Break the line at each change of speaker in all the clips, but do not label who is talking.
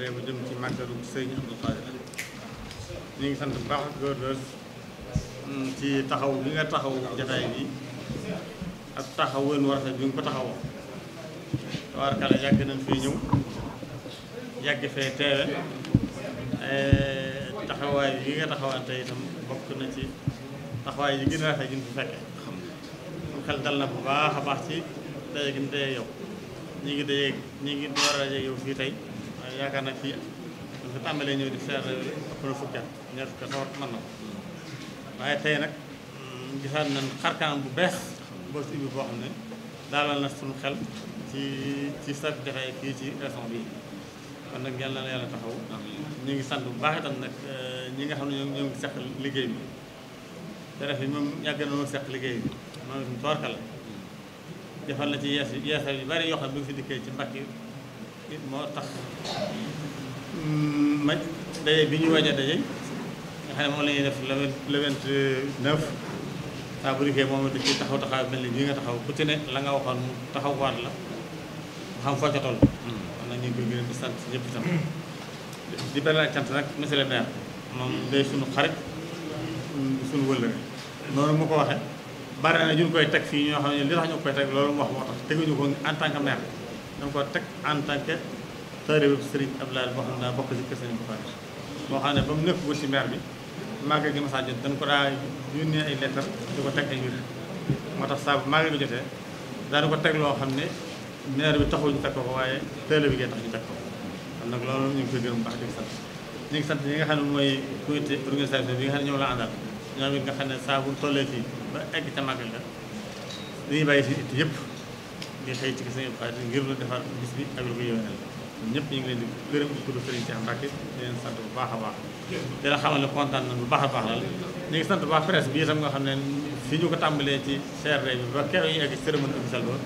àllarba jëm ci màggalu sëriñ Abdou Khadre ñu ngi sant bu baax gouverneur mm, ci taxaw bi nga taxaw jataay bi ak taxawoon war rafet bi nga ko taxawoo tabaarkalla yàgg nañ fee ñëw yàgg fee teewe eh, taxawaay yi nga tey itam bokk na ci taxawaay yi gën a rafet yi ñu fi fekkee xam xel dal na bu baax a baax ci daje gi ñu yow ñi ngi daje ñi ngi door yow fii tey yaakaar naa fii dafa tàmbalee ñëw di seer ëpp na fukki at ñaar fukki at war na ko waaye tey nag mm, gisaat nañ xarkaan bu bees boo si ubbi boo xam ne daalal na suñu xel ci ci sa jotaay fii ci région bi kon nag yàlla na yàlla taxaw ñu ngi sant bu baax itam nag euh, ñi nga xam ne ñoo ngi seq liggéey bi teref yi moom yàgg na seq liggéey bi moom itam toorka la mm. defal na ci yees yeesal yu bari yoo xam bi nga fi dikkee ci mbakki it moo tax mm, ma daje bi ñu waaj a daje nga xam ne moom la ñuy def le vingt neuf saa bu dikkee moom dañ ciy taxaw taxaw mel ni bii nga taxaw ku ci ne la nga waxoon mu taxaw waat la mu xam foo ca toll. Hmm. kon nag ñu ngi koy di sant ñëpp nag monsieur le maire moom day sunu xarit mm, sunu wëllëre noonu mu ko waxee bari na ñu koy teg fii ñoo xam ne li tax ñu koy teg loolu mu wax moo tax teguñu ko en tant que danga ko teg en tant que taalibu Sëriñ Abdoulaye boo xam ne daa bokk ci kër Sëriñ bu Fadil boo xam ne ba mu nekkul ci maire bi màggal gi masaa jot dañ ko daa yónnee ay lettre di ko teg ay mbir moo tax saabu bu màggal gi jotee daana ko teg loo xam ne maire bi taxul ñu teg ko ko waaye taalibe bi ngay tax ñu teg ko xam nag loolu ñu ngi koy gërëm baax di ko sant ñu ngi sant ñi nga xam ne mooy it comité organisation bi nga xam ne ñoom la àndal ñoom it nga xam ne saabu bu tollee fii ba egg ca màggal ga dañuy bàyyi si yëpp di ngir la defar bis bi ak lu ko yéwénal ñun ñu leen di gërëm ci turu Serigne Cheikh Mbacke di leen sant bu baax a baax la xamal bu baax a baax la ñu ngi sant bu baax presse bi itam nga xam ne fi ñu ko tàmbalee ci CRD bi ba keroog ñu egg ci cérémonie officielle ba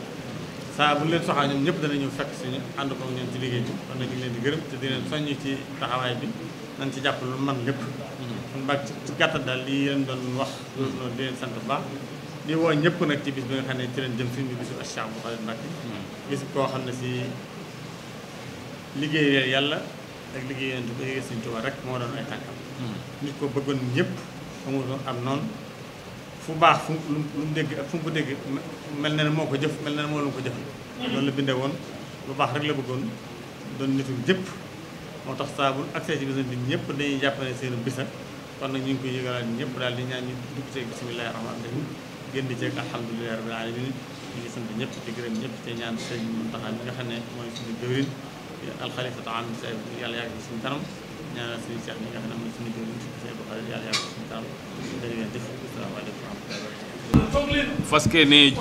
saa bu leen soxlaa ñoom ñëpp danañu fekk suñu ànd ko ñoom ci liggéey bi kon ñu leen di gërëm te di leen soññ ci taxawaay bi nañ ci jàpp lu man lépp mm-hmm. kon baax ci gàttal daal lii leen doon wax mm-hmm. loolu di leen sant bu baax di woo ñëpp nag ci bis bi nga xam ne ci leen jëm suñu bisu Cheikh Abdou Khadre Mbacké hmm. bis koo xam ne si liggéeyal yàlla ak liggéey yonent bi liggéey Sëñ Tuubaa rek moo doon ay tànkam hmm. nit ko bëggoon ñëpp amul doon fu baax fu lu dégg ak fu ko dégg mel na ne moo ko jëf mel na moo lu ko jëf loolu la bindee woon lu baax rek la bëggoon doon nitul jëpp moo tax saabu ak ci bisam bi ñëpp dañuy jàppale seen bisa kon nag ñu ngi koy yëgalaat ñëpp daal di ñaan ñu dugg ci bismillaahi rahmaani génn ci ak alhamdulilah rabbil alamin ne mooy suñu jëwriñ alxalifatu am sa yàlla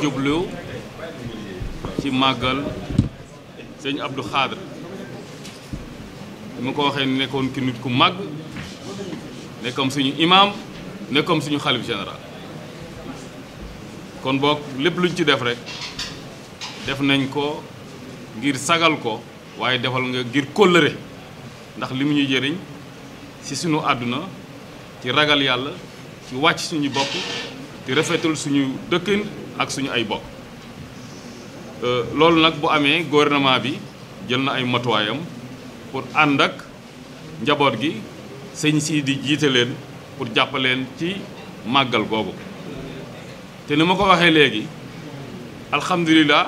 jublu ci màggal sëñ Abdou Khadre mu ko waxee nekkoon ki nit ku màgg nekkoon suñu imam nekkoon suñu xalif général kon boog lépp luñ ci def rek def nañ ko ngir sagal ko waaye defal nga ngir kóllëre ndax li mu ñu jëriñ ci suñu àdduna ci ragal yàlla ci wàcc suñu bopp di rafetal suñu dëkkin ak suñu ay bokk euh, loolu nag bu amee gouvernement bi jël na ay matuwaayam pour ànd ak njaboot gi sëñ si di jiite leen pour jàppaleen ci màggal googu te ni ma ko waxee léegi alhamdulilah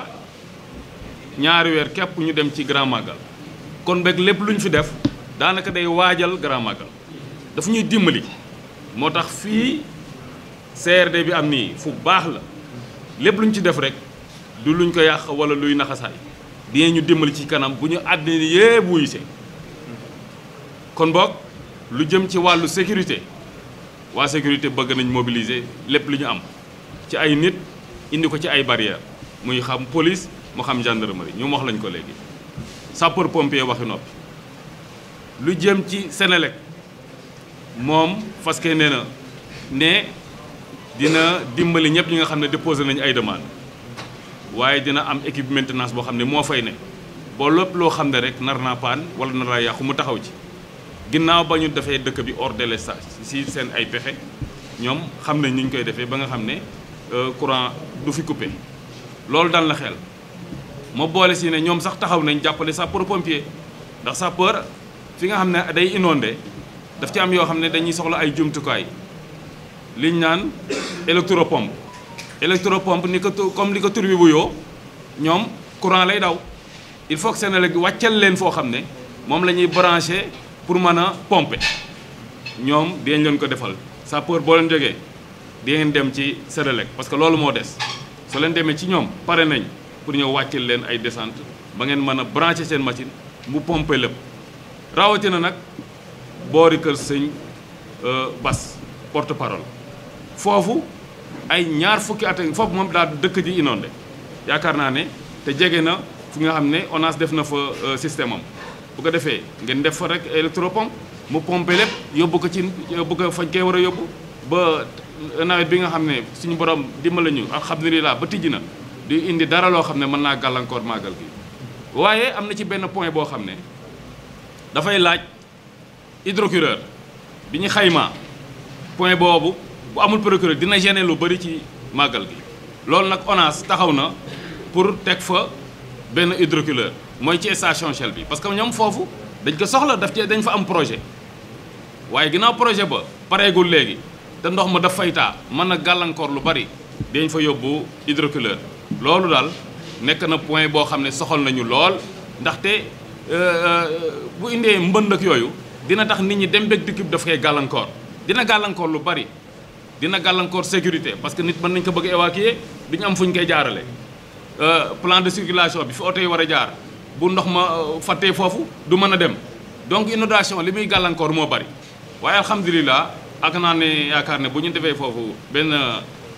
ñaari weer kepp ñu dem ci grand magal kon beeg lépp lu ñu fi def daanaka day waajal grand magal daf ñuy dimbali moo tax fii CRD bi am nii fu baax la lépp lu ñu ci def rek du luñ ko yàq wala luy naxasaay dina ñu dimbali ci kanam bu ñu àddina yépp wuyuse kon boog lu jëm ci wàllu sécurité waa sécurité bëgg nañ mobiliser lépp lu ñu am ci ay nit indi ko ci ay barrière muy xam police mu xam gendarmerie ñoom wax lañ ko léegi sapeur pompier waxi noppi lu jëm ci Senelec moom parce que nee na ne dina dimbali ñëpp ñi nga xam ne déposé nañu ay demande waaye dina am équipe maintenance boo xam ne moo fay ne boo lépp loo xam ne rek nar naa paan wala nar yàqu mu taxaw ci ginnaaw ba ñu defee dëkk bi hors sa si seen ay pexe ñoom xam nañ ni ñu koy defee ba nga xam ne Euh, courant du fi coupé loolu dal na xel ma boole si ne ñoom sax taxaw nañ jàppale sapeur pompier ndax sapeur fi nga xam ne day inondé daf ci am yoo xam ne dañuy soxla ay jumtukaay liñ naan électropompe électropompe ni ko comme li ko tur bi wuyoo ñoom courant lay daw il faut que Senelec wàccal leen foo xam ne moom la ñuy branché pour mën a pompe ñoom dinañ leen ko defal sapeur boo leen jógee. di ngeen dem ci Sédélec parce que loolu moo des soo leen demee ci ñoom pare nañ pour ñëw wàcceel leen ay descente ba ngeen mën a branché seen machine mu pomper lépp rawatina nag boori kër sëñ euh, Bas porte parole foofu ay ñaar fukki ate foofu moom daal dëkk di ji de yaakaar naa ne te jege na fu nga xam ne ONAS def na fa euh, système am bu ko defee ngeen def fa rek électropompe mu pompe lépp yóbbu ko ci yóbbu ko fañ koy war a yóbbu ba nawet bi nga xam ne suñu borom dimbali ñu alhamdulilah ba tijji na di indi dara loo xam ne mën naa gàllankoor màggal gi waaye am na ci benn point boo xam ne dafay laaj hydrocureur bi ñu xayma point boobu bu amul procureur dina gêner lu bëri ci màggal gi loolu nag ONAS taxaw na pour teg fa benn hydrocureur mooy ci station Shell bi parce que ñoom foofu dañ ko soxla daf ci dañ fa am projet waaye ginnaaw projet ba pareegul léegi te ndox ma daf fay mën na gàllankoor lu bari dañ fa yóbbu hydroculeur loolu daal nekk na point boo xam ne soxal nañu lool ndaxte euh, euh, bu indee mbënd ak yooyu dina tax nit ñi dem beeg dikk bi daf koy gàllankoor dina gàllankoor lu bari dina gàllankoor sécurité parce que nit mën nañ ko bëgg évacuer duñu am fu ñu koy jaarale euh, plan de circulation bi fi oto yi war a jaar bu ndox ma fàttee foofu du mën a dem donc inondation li muy gàllankoor moo bari ak naa ne yaakaar ne bu ñu defee foofu benn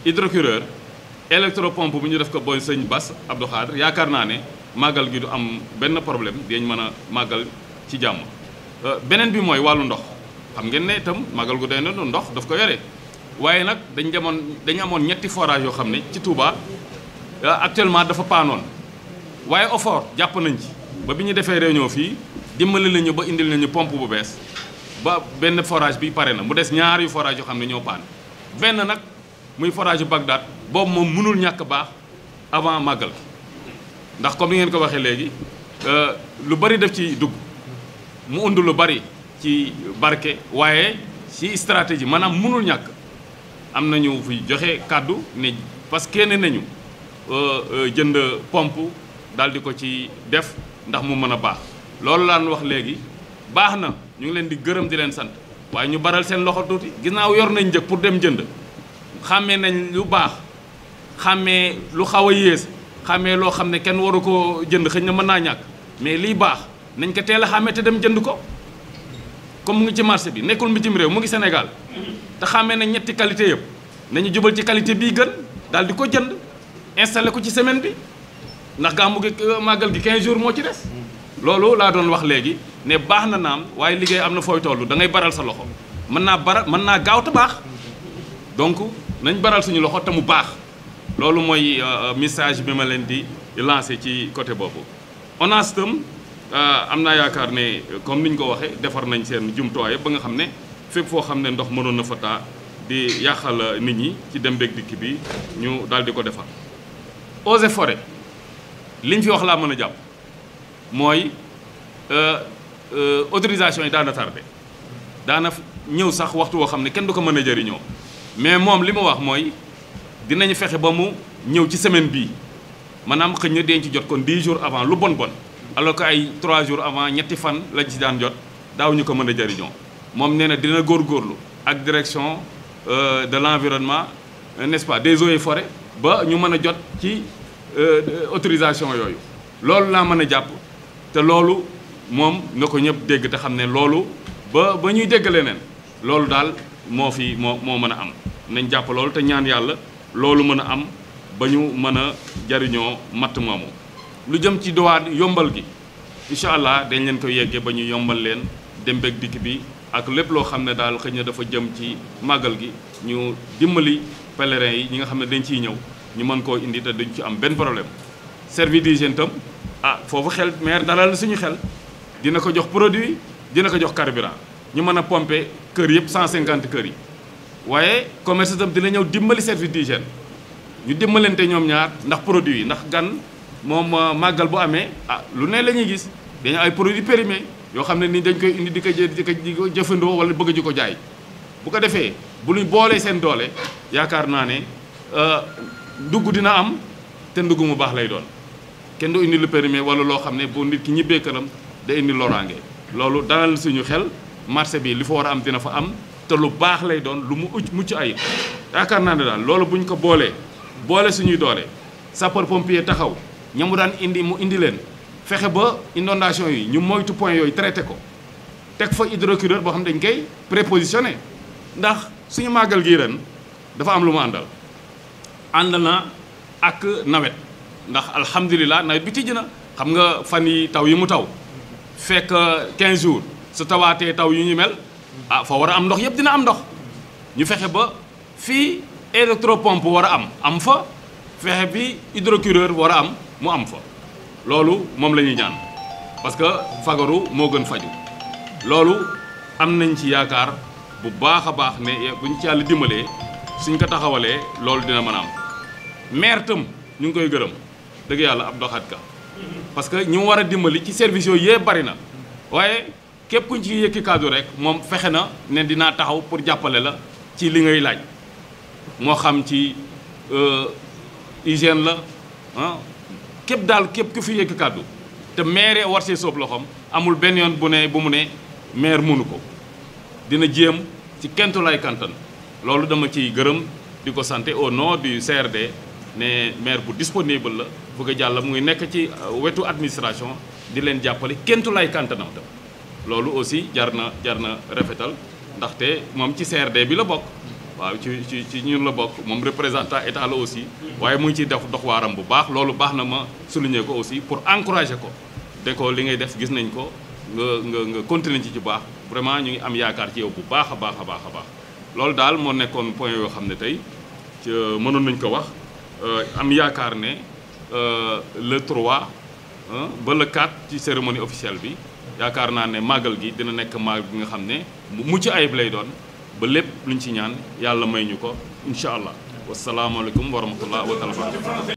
hydrocureur électropompe bu ñu def ko booy sëñ Bass Abdou Khadre yaakaar naa ne màggal gi du am benn problème dinañ mën a màggal ci jàmm. Euh, beneen bi mooy wàllu ndox xam ngeen ne itam màggal gu day na ndox daf ko yore waaye nag dañ demoon dañu amoon ñetti forage yoo xam ne ci Touba euh, actuellement dafa paanoon waaye OFOR jàpp nañ ci ba bi ñu defee réunion fii dimbali nañu ba indil nañu pompe bu bees. ba benn forage bi pare na mu des ñaari forage yoo xam ne ñoo paan benn nag muy forage Bagdad boobu moom mënul ñàkk baax avant màggal ndax comme ni ngeen ko waxee léegi euh, lu bari def ci dugg mu und lu bari ci barke waaye ci stratégie maanaam mënul ñàkk am na nañu fi joxe kàddu ne parce que kenn nañu euh, euh, jënd pompe daal di ko ci def ndax mu mën a baax loolu laan wax léegi baax na ñu ngi leen di gërëm di leen sant waaye ñu baral seen loxo tuuti ginnaaw yor nañ njëg pour dem jënd xàmmee nañ lu baax xàmmee lu xaw a yées xàmmee loo xam ne kenn waru ko jënd xëñ na mën naa ñàkk mais lii baax nañ ko teel a xàmmee te dem jënd ko comme mu ngi ci marché bi nekkul mbitim réew mu ngi senegal te xàmmee nañ ñetti qualité yëpp nañu jubal ci qualité bii gën daal di ko jënd installé ko ci semaine bi ndax gàmmu gi euh, màggal gi quinze jours moo ci loolu laa doon wax léegi ne baax na naam waaye liggéey am na fooy toll da ngay baral sa loxo mën naa bara mën naa gaaw te baax donc nañ baral suñu loxo te mu baax loolu mooy euh, message bi ma leen di lancé ci côté boobu ONAS tam euh, am naa yaakaar ne comme ni ñu ko waxee defar nañ seen jumtuwaay ba nga xam ne fépp foo xam ne ndox mënoon na fa taa di yàqal nit ñi ci dem beeg dikk bi ñu daal di ko defar eaux fore forêt liñ fi wax laa mën a jàpp mooy euh, euh, autorisation yi daana tardé daana ñëw sax waxtu woo xam ne kenn du ko mën a jëriñoo mais moom li mu wax mooy dinañu fexe ba mu ñëw ci semaine bi maanaam xëñ na denc jot kon 10 jours avant lu bon bon alors que ay 3 jours avant ñetti fan lañ ci daan jot daaw ñu ko mën a jëriñoo moom nee na dina góorlu ak direction euh, de l'environnement n'est-ce pas des eaux et ba ñu mën a jot ci autorisation yooyu loolu laa mën a jàpp te loolu moom na ko ñëpp dégg te xam ne loolu ba ba ñuy dégg leneen loolu daal moo fi moo moo mën a am nañ jàpp lool te ñaan yàlla loolu mën a am ba ñu mën a jariñoo matt moomu lu jëm ci dowaat yombal gi incha allah dañ leen ko yeggee ba ñu yombal leen dem beeg dikk bi ak lépp loo xam ne daal xëy na dafa jëm ci màggal gi ñu dimbali pèlerins yi ñi nga xam ne dañ ciy ñëw ñu mën koo indi te duñ ci am benn problème service d'hygiène tam ah foofu xel maire dalal suñu xel dina ko jox produit dina ko jox carburant ñu mën a pompe kër yëpp cinquante kër yi waaye commerce itam dina ñëw dimbali service d'hygiène ñu dimbalante ñoom ñaar ndax produit yi ndax gan moom euh, màggal bu amee ah lu ne la ñuy gis dañu ay produit périmé yoo xam ne ni dañ koy indi di ko jë di ko jëfandoo wala bëgg ju ko jaay bu ko defee bu ñu boolee seen doole yaakaar naa ne ndugg euh, dina am te ndugg mu baax lay doon. kenn doo indi lu périmé wala loo xam ne bu nit ki ñibbee këram da indi loraange loolu dalal suñu xel marché bi li fa war a am dina fa am te lu baax lay doon lu mu ucc mucc ayib yaakaar naa ne daal loolu buñ ko boolee boole suñuy doole sapeur pompier taxaw ñamu daan indi mu indi leen fexe ba inondation yi ñu moytu point yooyu traité ko teg fa hydrocureur boo xam dañ koy prépositionné ndax suñu màggal gi ren dafa am lu mu àndal ànd na ak nawet ndax alhamdulilah nawet bi tijji na xam nga fan yi taw yi mu taw fekk 15 jours su tawaatee taw yu ñu mel ah fa war a am ndox yëpp dina am ndox ñu fexe ba fii électropompe war a am am fa fexe bi hydrocureur war a am mu am fa loolu moom la ñuy ñaan parce que fagaru moo gën faju loolu am nañ ci yaakaar bu baax a baax ne buñ ci yàlla dimbalee suñ ko taxawalee loolu dina mën a am maire ñu ngi koy gërëm dëgg yàlla ab doxaat ka parce que ñi war a dimbali ci service yooyu yee bari na waaye képp kuñ ci yëkki kaddu rek moom fexe na ne dinaa taxaw pour jàppale la ci li ngay laaj moo xam ci euh, hygiène la ah képp daal képp ku fi yëkki kaddu te maire war see soob loxoom amul benn yoon bu ne bu mu ne maire mënu ko dina jéem ci kentu lay kantan loolu dama ciy gërëm di ko santé au nom du CRD ne maire bu disponible la bëgg a jàll muy nekk ci euh, wetu administration di leen jàppale kentu lay kàntanam tam loolu aussi jar na jar na rafetal ndaxte moom ci CRD bi la bokk waaw ci ci ci ñu la bokk moom représentant état la aussi waaye mu ngi ciy def dox waaram bu baax loolu baax na ma souligner ko aussi pour encourager ko de li ngay def gis nañ ko nga nga nga continuer ci ci baax vraiment ñu ngi am yaakaar ci yow bu baax a baax a baax a baax loolu daal moo nekkoon point yoo xam ne tey euh, mënoon nañ ko wax euh, am yaakaar ne Euh, le 3 ba le ci cérémonie officielle bi yaakaar naa ne màggal gi dina nekk màggal bi nga xam ne mu ci ayib lay doon ba lépp luñ ci ñaan yàlla may ñu ko incha allah wasalaamualeykum wa rahmatullah wa